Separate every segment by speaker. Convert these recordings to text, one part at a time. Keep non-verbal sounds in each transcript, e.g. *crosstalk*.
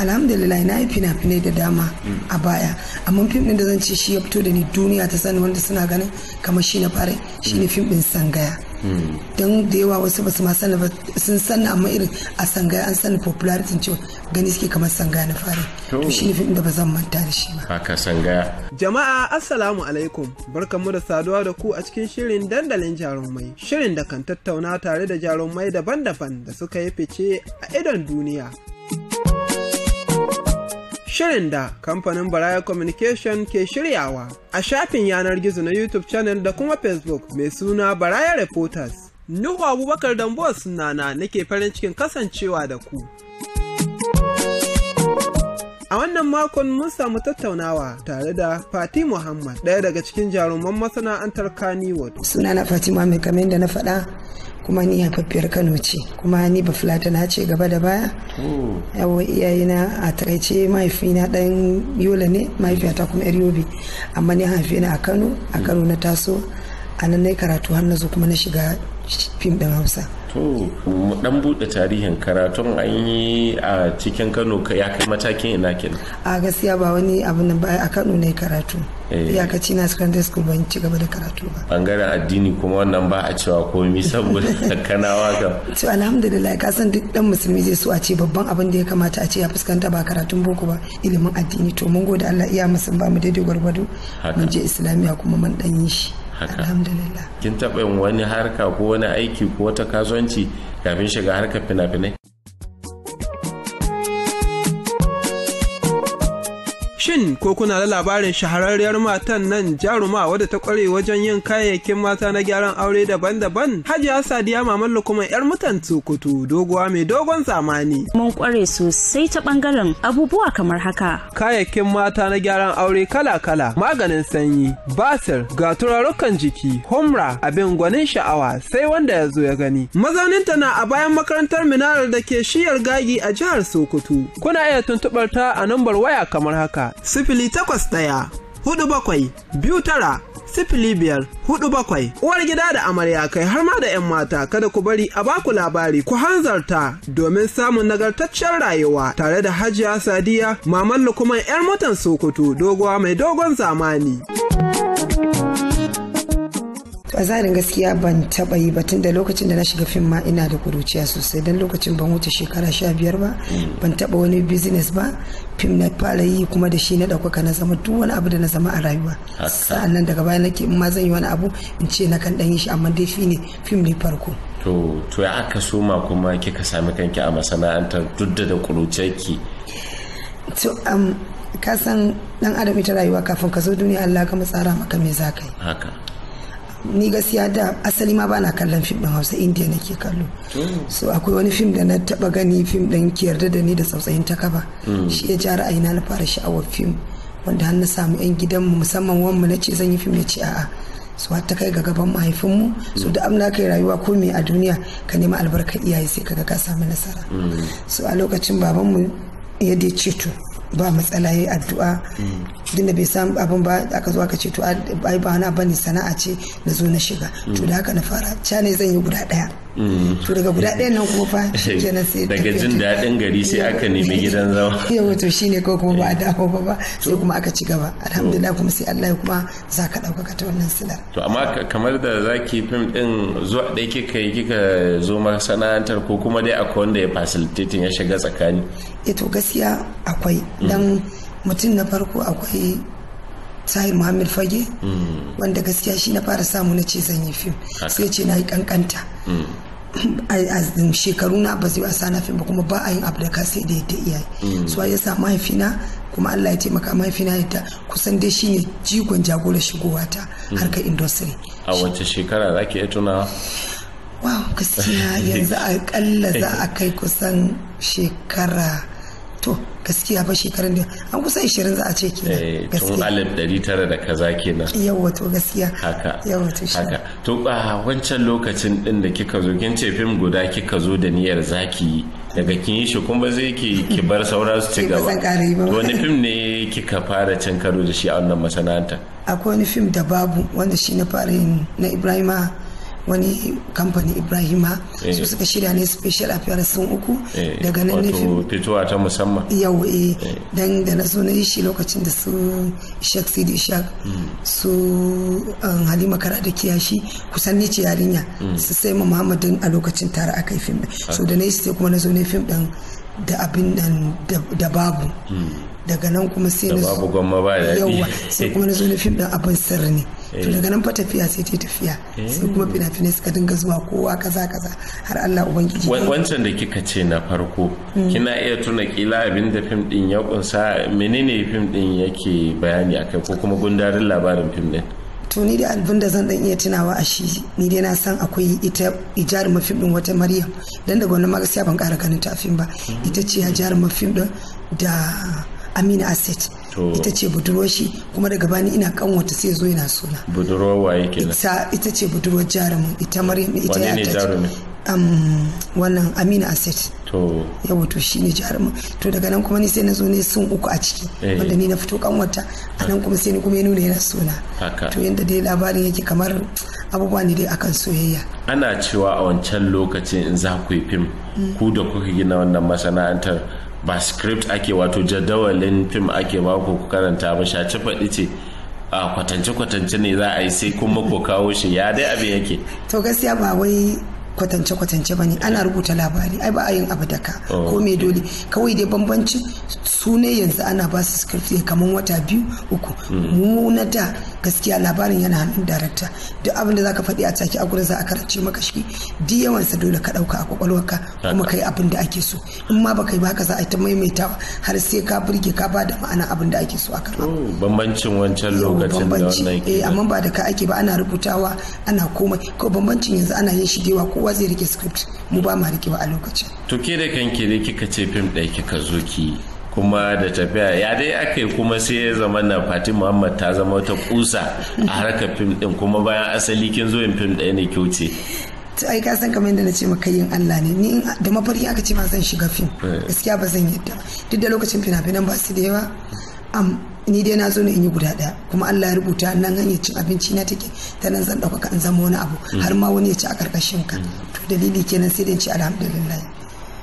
Speaker 1: alhamdulillah na yi fina-finai da dama a baya amma fim din da zan ce shi ya fito da ni duniya ta sani wanda suna ganin kamar shi na fara shi ne fim din sangaya don da yawa wasu basu ma sani ba sun sani amma irin a sangaya an sani popularity cewa gani suke kamar sangaya na fara to shi ne fim da ba
Speaker 2: zan manta da shi
Speaker 3: ba haka sangaya
Speaker 2: jama'a assalamu alaikum barkamu da saduwa da ku a cikin shirin dandalin jarumai shirin da kan tattauna tare da jarumai daban-daban da suka yi fice a idon duniya shirin da kamfanin Baraya Communication ke shiryawa a shafin yanar gizo na YouTube channel da kuma Facebook mai suna Baraya Reporters. Nuhu Abubakar Dambuwa sunana nake farin cikin kasancewa da ku. A wannan makon mun samu tattaunawa tare da Fati Muhammad, ɗaya daga cikin jaruman masana'antar Kannywood.
Speaker 1: Sunana Fati Muhammad kamar yadda na faɗa kuma ni haifaffiyar kano ce kuma ni ba na ce gaba da baya yawon iyayena a takaice mahaifina dan yola ne mahaifiyata kuma yar yobe amma ni haife a kano a kano na taso a nan na karatu har na zo kuma na shiga fim din hausa
Speaker 3: to mu dan bude tarihin karatun an yi a cikin kano ya kai matakin ina kenan
Speaker 1: a gaskiya ba wani abu na ba a kano ne karatu
Speaker 3: eh. iyakaci
Speaker 1: na secondary school ban ci gaba da karatu
Speaker 3: ba bangaren addini kuma wannan ba a cewa komi saboda *laughs* kanawa kam
Speaker 1: to alhamdulillah ka san duk dan musulmi zai so a ce babban abin da ya kamata a ce ya fuskanta ba karatun boko ba ilimin addini to mun gode Allah iya musun ba mu daidai gwargwado mun je islamiya kuma mun dan yi shi
Speaker 3: haka kin taɓa yin wani harka ko wani aiki ko wata kasuwanci kafin shiga harkar
Speaker 2: fina-finai Shin ko kuna da labarin shahararriyar matan nan jaruma wadda ta kware wajen yin kayayyakin mata na gyaran aure daban-daban? Hajiya Sadiya ma Lukuma yar mutan Sokoto doguwa mai dogon zamani. Mun kware sosai ta bangaren abubuwa kamar haka. Kayayyakin mata na gyaran aure kala-kala, maganin sanyi, basir, ga turarukan jiki, humra, abin gwanin sha'awa sai wanda ya zo ya gani. Mazauninta na a bayan makarantar Minar da ke shiyar gagi a jihar Sokoto. Kuna iya tuntuɓar ta a nambar waya kamar haka. sifili takwas ɗaya hudu bakwai biyu tara sifili biyar hudu bakwai uwar gida da amarya kai har ma da 'yan mata kada ku bari a baku labari ku hanzarta domin samun nagartaccen rayuwa tare da hajiya sadiya maman lukuman 'yar motan sokoto doguwa mai dogon zamani.
Speaker 1: bazarin gaskiya ban taba yi ba tun da lokacin da na shiga fim ma ina da kuruciya sosai don lokacin ban wuce shekara sha biyar ba ban taba wani business ba fim na fara yi kuma da shi na ɗaukaka na zama duk wani abu da na zama a rayuwa sa'an nan daga baya nake in ma zan yi wani abu in ce na kan ɗan yi shi amma dai ne fim ne farko
Speaker 3: to to ya aka soma kuma kika sami kanki a masana'antar duk da kuruciyarki
Speaker 1: to um, ka san dan adam ita rayuwa kafin ka zo duniya Allah ka tsara maka me za ka
Speaker 3: yi
Speaker 1: ni gaskiya da asali ma bana kallon fim din hausa indiya nake kallo so akwai wani fim da na taba gani fim din ke yarda da ni da tsautsayin ta kaba mm. shi ya ja ra'ayi na fara sha'awar fim wanda har na samu yan gidan mu musamman wanmu na ce zan yi fim ya ce a'a su ta kai ga gaban mahaifinmu su mm. da amna kai rayuwa ko me a duniya ka nema albarkar iyaye sai kaga ka samu nasara mm. So a lokacin babanmu ya dai ceto ba matsala ya addu'a din mm. da bai samu abin ba aka zo aka ce to ai ba na bane sana'a ce na zo na shiga mm. to da haka na fara ca ne zan yi guda daya
Speaker 3: to daga guda ɗaya nan
Speaker 1: kuma fa *laughs* na sai daga jin daɗin gari sai aka nemi *laughs* gidan zama yawa to shine ko kuma ba a dawo ba ba sai kuma aka ci gaba alhamdulillah kuma sai Allah kuma za ka ɗaukaka ta wannan silar
Speaker 3: to amma kamar da zaki fim ɗin zuwa ɗaya kika yi kika zo masana'antar ko kuma dai akwai wanda ya facilitating ya shiga tsakani E to
Speaker 1: gaskiya akwai dan mm. mutum na farko akwai sahir muhammad fage mm. wanda gaskiya shi na fara samu na ce zan yi fim sai ce na yi kankanta mm. a shekaru na ba zai wasa na fim ba kuma ba a yin abu da ka sai da ya ta mm. ya sa mahaifina kuma Allah ya taimaka mahaifina ya ta kusan dai shi ne jigon jagora shigowa ta mm. harkar industry
Speaker 3: a wace shekara zaki iya tuna
Speaker 1: wow gaskiya yanzu kalla *laughs* za a kai kusan shekara to gaskiya ba shekarun da an kusa 20 za a ce kenan eh, tun alif
Speaker 3: dari tara da kaza kenan yawa to gaskiya haka yawa to shi haka to wancan lokacin din da kika zo kin ce fim guda kika zo da niyyar zaki daga kin yi shi kuma zai ki ki bar saura su ci *laughs* gaba wani fim ne kika fara cin karo da shi a wannan masana'anta
Speaker 1: akwai wani fim da babu wanda shi na fara yin na Ibrahima wani kamfani ibrahima eh. su suka shirya ne special appearance sun uku eh. daga nan ne
Speaker 3: fitowa ta musamman yau eh. eh dan da na zo na yi shi
Speaker 1: lokacin da su ishak sidi ishak hmm. su um, halima kara da kiyashi kusan ni ce yarinya hmm. su sai ma muhammadin a lokacin tare aka yi fim so da na yi sai kuma na zo na fim din da abin da babu hmm. daga nan kuma sai na babu gwamma ba da yawa sai kuma na zo na fim din abin sirri ne to eh. daga nan fa tafiya sai ta tafiya eh. sai kuma fina-finai suka dinga zuwa kowa kaza kaza har Allah ubangiji wancan
Speaker 3: da kika ce na farko hmm. kina iya tuna kila abinda fim din ya kunsa menene fim din yake bayani akai ko kuma gundarin labarin fim din
Speaker 1: to ni da abin da zan dan iya tunawa a shi ni dai na san akwai ita ijar mafim din wata maryam dan daga wannan ma gaskiya ban kara ganin ta fim ba hmm. ita ce ijar mafim din da amina asset ita ce budurwar shi kuma daga bani ina kanwata sai zo yana suna
Speaker 3: budurwar waye kenan
Speaker 1: ita ce budurwar jarumin ita maryam ita ya
Speaker 3: ta
Speaker 1: wannan amina asset to yawa to shi ne jarumin to daga nan kuma ni sai na zo ne sun uku a ciki eh. wanda ni na fito kanwata a nan kuma sai ni kuma ya nuna yana suna to yadda dai labarin yake kamar abubuwa ne dai akan soyayya
Speaker 3: ana cewa a wancan lokacin in za ku yi fim mm. ku da kuka gina wannan masana'antar ba script ake wato jadawalin fim ake ba ku karanta ba shaci faɗi ce a kwatance-kwatance ne za a yi sai kuma ku kawo shi ya dai abin yake
Speaker 1: to gaskiya ba wai kwatance-kwatance ba ana rubuta labari ai ba a yin abu daka ko mai dole kawai dai bambanci su ne yanzu ana ba su script kamar wata biyu uku hmm. mu na da gaskiya labarin yana hannun darakta duk abin da zaka faɗi a taki a gurin za a karance maka shi yawan sa dole ka ɗauka a kwakwalwarka kuma kai abin da ake so in ma baka yi ba haka za a ta maimaita har sai ka burge ka ba da ma'ana abin da ake so a
Speaker 3: karɓa oh, bambancin wancan lokacin da wannan eh amma
Speaker 1: ba da ka ake ba ana rubutawa ana komai ko bambancin yanzu ana yin shigewa kowa kowa zai rike script mu ba ma rike ba a lokacin
Speaker 3: to ke da kanki ne kika ce fim ɗaya kika zo ki kuma da tafiya ya dai aka yi kuma sai ya zama na fatima muhammad ta zama ta kusa a harkar fim ɗin kuma bayan asali kin zo yin fim ɗaya ne kyauce
Speaker 1: ai ka san kamar yadda na ce maka yin Allah ne ni da mafarki aka ce ma zan shiga fim eh. gaskiya ba zan yadda duk da lokacin fina-finan ba su da yawa ni dai na zo ne in yi guda ɗaya kuma Allah ya rubuta nan hanya cin abinci na take ta nan zan ɗaukaka in zama wani abu mm. har ma wani ya ci a ƙarƙashin ka mm. to dalili kenan sai dai ci alhamdulillah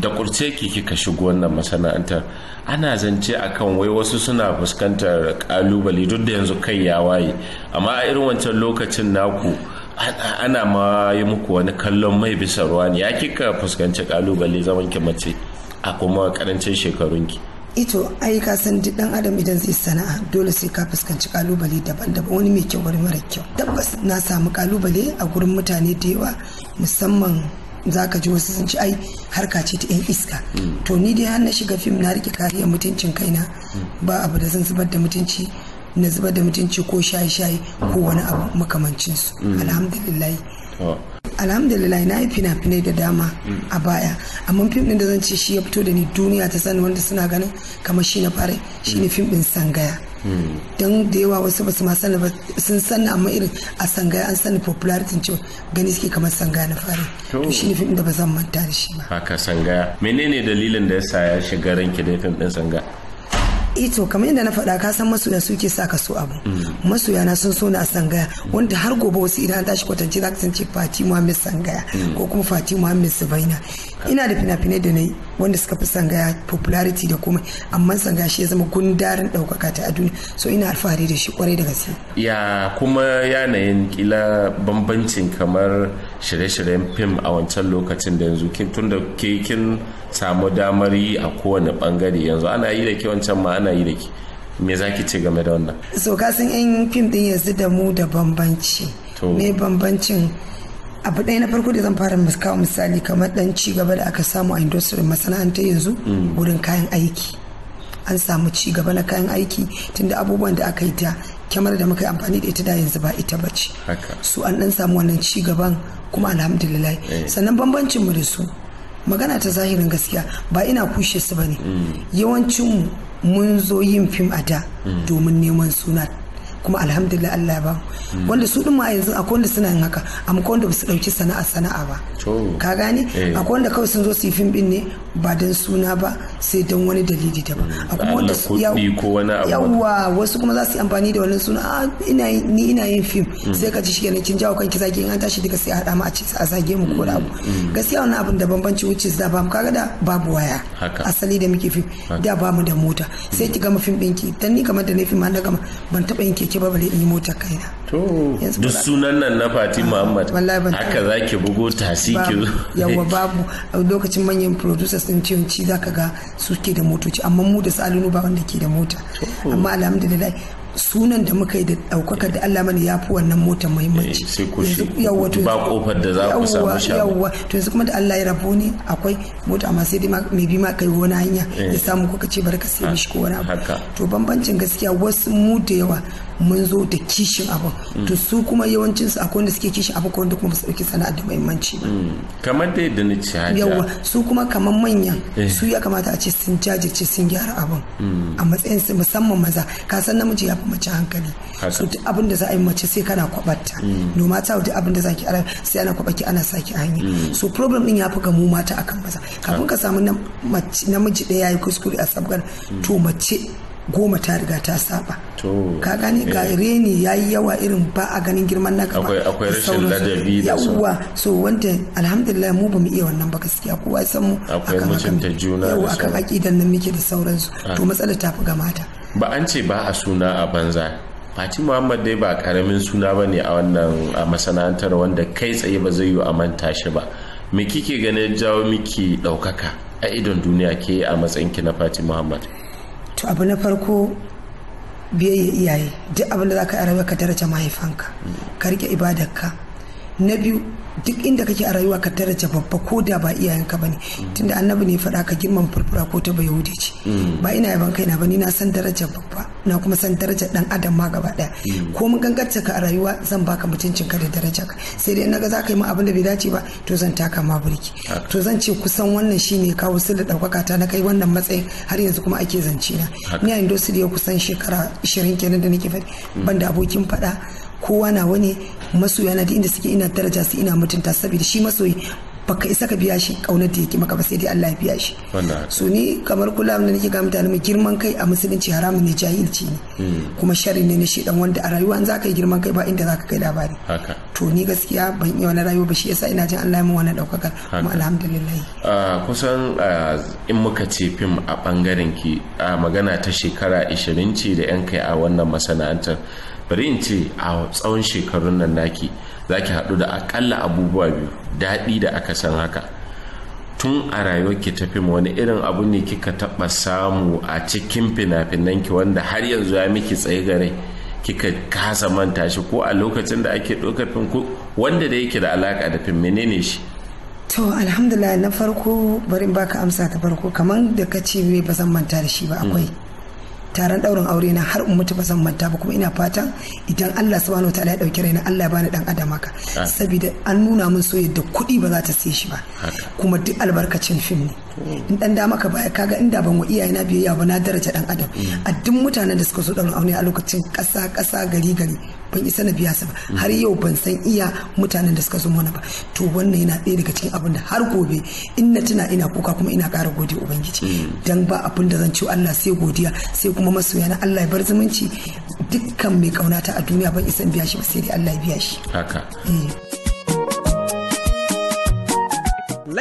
Speaker 3: da kurce ki kika shigo wannan masana'antar ana zance akan wai wasu suna fuskantar kalubale duk da yanzu kai ya waye amma a irin wancan lokacin naku ana ma yi muku wani kallon mai bisa ruwa ne ya kika fuskanci kalubale zaman ki mace a kuma karancin shekarunki
Speaker 1: ito ai ka san duk dan adam idan zai sana'a dole sai ka fuskanci kalubale daban-daban wani mai kyau wani mara kyau tabbas na samu kalubale a gurin mutane da yawa musamman za ka ji wasu sun ci ai harka ce ta 'yan iska mm. to ni dai har na shiga fim na rike kariyar mutuncin kaina mm. ba abu da zan zubar da mutunci na zubar da mutunci ko shaye-shaye ko mm. wani abu makamancin su alhamdulillah alhamdulillah na yi fina-finai da dama mm. a baya amma fim din da zan ce shi ya fito da ni duniya ta sani wanda suna ganin kamar shi na fara shi ne mm. fim din sangaya mm. don da yawa wasu basu ma sani ba sun sani amma irin a sangaya an sani popularity ce gani suke kamar sangaya na fari to shi ne fim da ba zan manta da shi ba
Speaker 3: haka sangaya menene dalilin da ya sa ya shiga ranki da fim din sangaya
Speaker 1: ito eh kamar yadda na faɗa ka san masoya suke sa ka so abu mm. masoya na sun so na sangaya wanda har gobe wasu idan tashi kwatance za ka san ce fati muhammed sangaya mm. ko kuma fati muhammed subaina ina da fina-finai da na yi wanda suka fi sangaya popularity da komai amma sangaya shi ya zama gundarin ɗaukaka ta a duniya so ina alfahari da shi kwarai da gaske
Speaker 3: ya kuma yanayin kila bambancin kamar shirye-shiryen fim a wancan lokacin da yanzu tun da ke kin samu damar yi a kowane bangare yanzu ana yi da ke wancan ma ana yi da ke me za ki ce game da wannan
Speaker 1: so kasan yan fim din yanzu da mu da bambanci me bambancin abu ɗaya na farko da zan fara kawo misali kamar ɗan ci gaba da aka samu a industry masana'anta yanzu wurin kayan aiki an samu cigaba na kayan aiki tunda abubuwan da aka yi ta kyamar da muka yi amfani da ita da yanzu ba ita ba ce su an ɗan samu wannan ci gaban kuma alhamdulillah eh. sannan bambancin mu da su magana ta zahirin gaskiya ba ina kushe su ba ne mm. yawancin mun zo yin fim a da mm. domin neman suna kuma alhamdulillah Allah ya ba hmm. wanda su din ma yanzu akwai wanda suna yin haka amma wanda ba su dauki sana'a sana'a ba ka gani eh. akwai wanda kawai sun zo su yi fim ɗin ne ba don suna ba sai don wani dalili daban mm. a kuma wanda yawa wasu kuma za su yi amfani da wannan suna ah, a ni ina yin fim mm. sai ka ci shi kenan kin jawo kan zaki in an tashi daga sai a dama a ci a zage mu ko da mm. abu gaskiya wani abin da bambanci wuce da ba mu kaga da babu waya asali da muke fim da ba mu da mota sai ki gama fim ɗinki dan ni kamar da na fim na gama ban taɓa yin keke ba bare in yi mota kaina to duk
Speaker 3: sunan nan na Fatima Muhammad haka zaki bugo tasi ki yawa
Speaker 1: babu *laughs* lokacin manyan producers officers din za ka ga suke da motoci amma mu da salinu ba wanda ke da mota oh. amma alhamdulillah sunan da muka yi da daukaka da Allah mana ya fi wannan motar muhimmanci yanzu kuma da Allah ya rabu ne akwai mota amma sai dai mai bi ma kai wani hanya ya eh. samu kuka ce barka sai mishi ko wani abu to bambancin gaskiya wasu mu da yawa mun zo da kishin abin to mm. su kuma yawancin su akwai wanda suke kishin abin ko wanda kuma su dauki sana'a da muhimmanci ba
Speaker 3: mm. kamar dai da ni yawa
Speaker 1: su kuma kamar manyan eh. su ya kamata a ce sun jajirce sun gyara abin mm. a matsayin su musamman maza ka san namiji ya fi mace hankali su duk abin da za a yi mace sai kana kwabarta no mata duk abin da za ki ara sai ana kwabaki ana saki hanya so problem din ya fi ga mu mata akan maza kafin ka samu namiji ɗaya ya yi kuskure a sabgar to mace goma ta riga ta saba ka gani ga eh. reni ya yi yawa irin ba a ganin girman na gaba akwai rashin ladabi da su yawuwa so wanda alhamdulillah mu ba mu iya wannan ba gaskiya kowa ya san mu
Speaker 3: akan mutunta juna akan aƙidan
Speaker 1: nan muke da sauransu ah. to matsala ta fi ga mata
Speaker 3: ba an ce ba a suna a banza fati muhammad dai ba karamin suna ba ne a wannan masana'antar wanda kai tsaye ba zai yi a manta shi ba me kike ganin jawo miki ɗaukaka a idon duniya ke a matsayin ki na fati muhammad
Speaker 1: to abu na farko biyayya iyaye duk abin da za ka yi a rayuwa ka daraja mahaifanka ka rike ibadarka na biyu duk inda kake a rayuwa ka daraja babba ko da ba iyayenka ba ne tunda annabi ne faɗa ka girman furfura ko ta bai ce mm. ba ina yaban kaina ba ni na san daraja babba na kuma san darajar dan adam ma gaba daya mm. ko mun gangarta ka a rayuwa zan baka mutuncin ka da daraja ka sai dai naga za ka yi min abin da bai dace ba to zan taka ma burki to zan ce kusan wannan shine kawo sulu da daukaka ta na kai wannan matsayin har yanzu kuma ake zance na ni a industry ya kusan shekara 20 kenan da nake fadi mm. ban da abokin faɗa kowa na wani masoya na da inda suke ina daraja su ina mutunta saboda shi masoyi baka isa ka biya shi kaunar da yake maka ba sai dai Allah ya biya shi so ni kamar kullum da nake ga mutane mai girman kai a musulunci haramun ne jahilci ne hmm. kuma sharri ne na shedan wanda a rayuwa za ka yi girman kai ba inda za ka kai labari to ni gaskiya ban iya wani rayuwa ba shi yasa ina jin Allah ya mun wani daukakar kuma alhamdulillah
Speaker 3: kusan in muka ce fim a bangaren ki a magana ta shekara 20 ce da yan kai a wannan masana'antar bari in ce a tsawon shekarun nan naki za ki haɗu da akalla abubuwa biyu daɗi da aka san haka tun a rayuwarki ta fim wani irin abu ne kika taɓa samu a cikin fina ki wanda har yanzu ya miki tsaye gare kika kasa manta shi ko a lokacin da ake ɗaukar fim ko wanda da yake da alaƙa da fim menene shi
Speaker 1: to alhamdulillah na farko bari baka amsa ta farko kamar da ka ce ba zan manta da shi ba akwai taron daurin aure na har in mutu ba zan manta ba kuma ina fatan idan Allah subhanahu wataala ya dauki raina Allah ya bani dan adam haka saboda an nuna min so yadda kuɗi ba za ta sai shi ba kuma duk albarkacin fim ne hmm. in dan da maka baya kaga inda ban wa na biyayya ba na daraja dan adam hmm. a duk mutanen da suka so daurin aure a lokacin ƙasa ƙasa gari gari ban isa na biya su ba har yau ban san iya mutanen da suka zo mana ba to wannan yana ɗaya daga cikin abin da har gobe in na tuna ina kuka kuma ina ƙara godiya ubangiji mm. dan ba abin da zan ci Allah sai godiya sai kuma masoya na Allah ya bar zumunci dukkan mai kaunata a duniya ban isan biya shi ba sai dai Allah ya biya shi haka eh.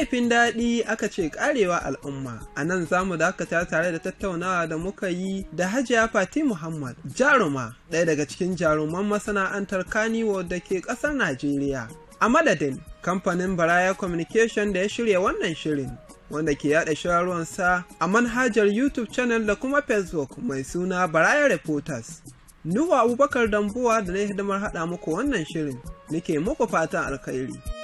Speaker 2: Laifin daɗi aka ce ƙarewa al'umma, a nan za mu dakata tare da tattaunawa da muka yi da Hajiya Fati Muhammad, jaruma ɗaya daga cikin jaruman masana'antar Kaniwo da ke ƙasar Najeriya. A madadin kamfanin Baraya Communication da ya shirya wannan shirin, wanda ke yaɗa sa a manhajar YouTube channel da kuma Facebook mai suna Baraya Reporters. Nuhu Abubakar Dambuwa da na hidimar haɗa muku wannan shirin, nake muku fatan alkhairi.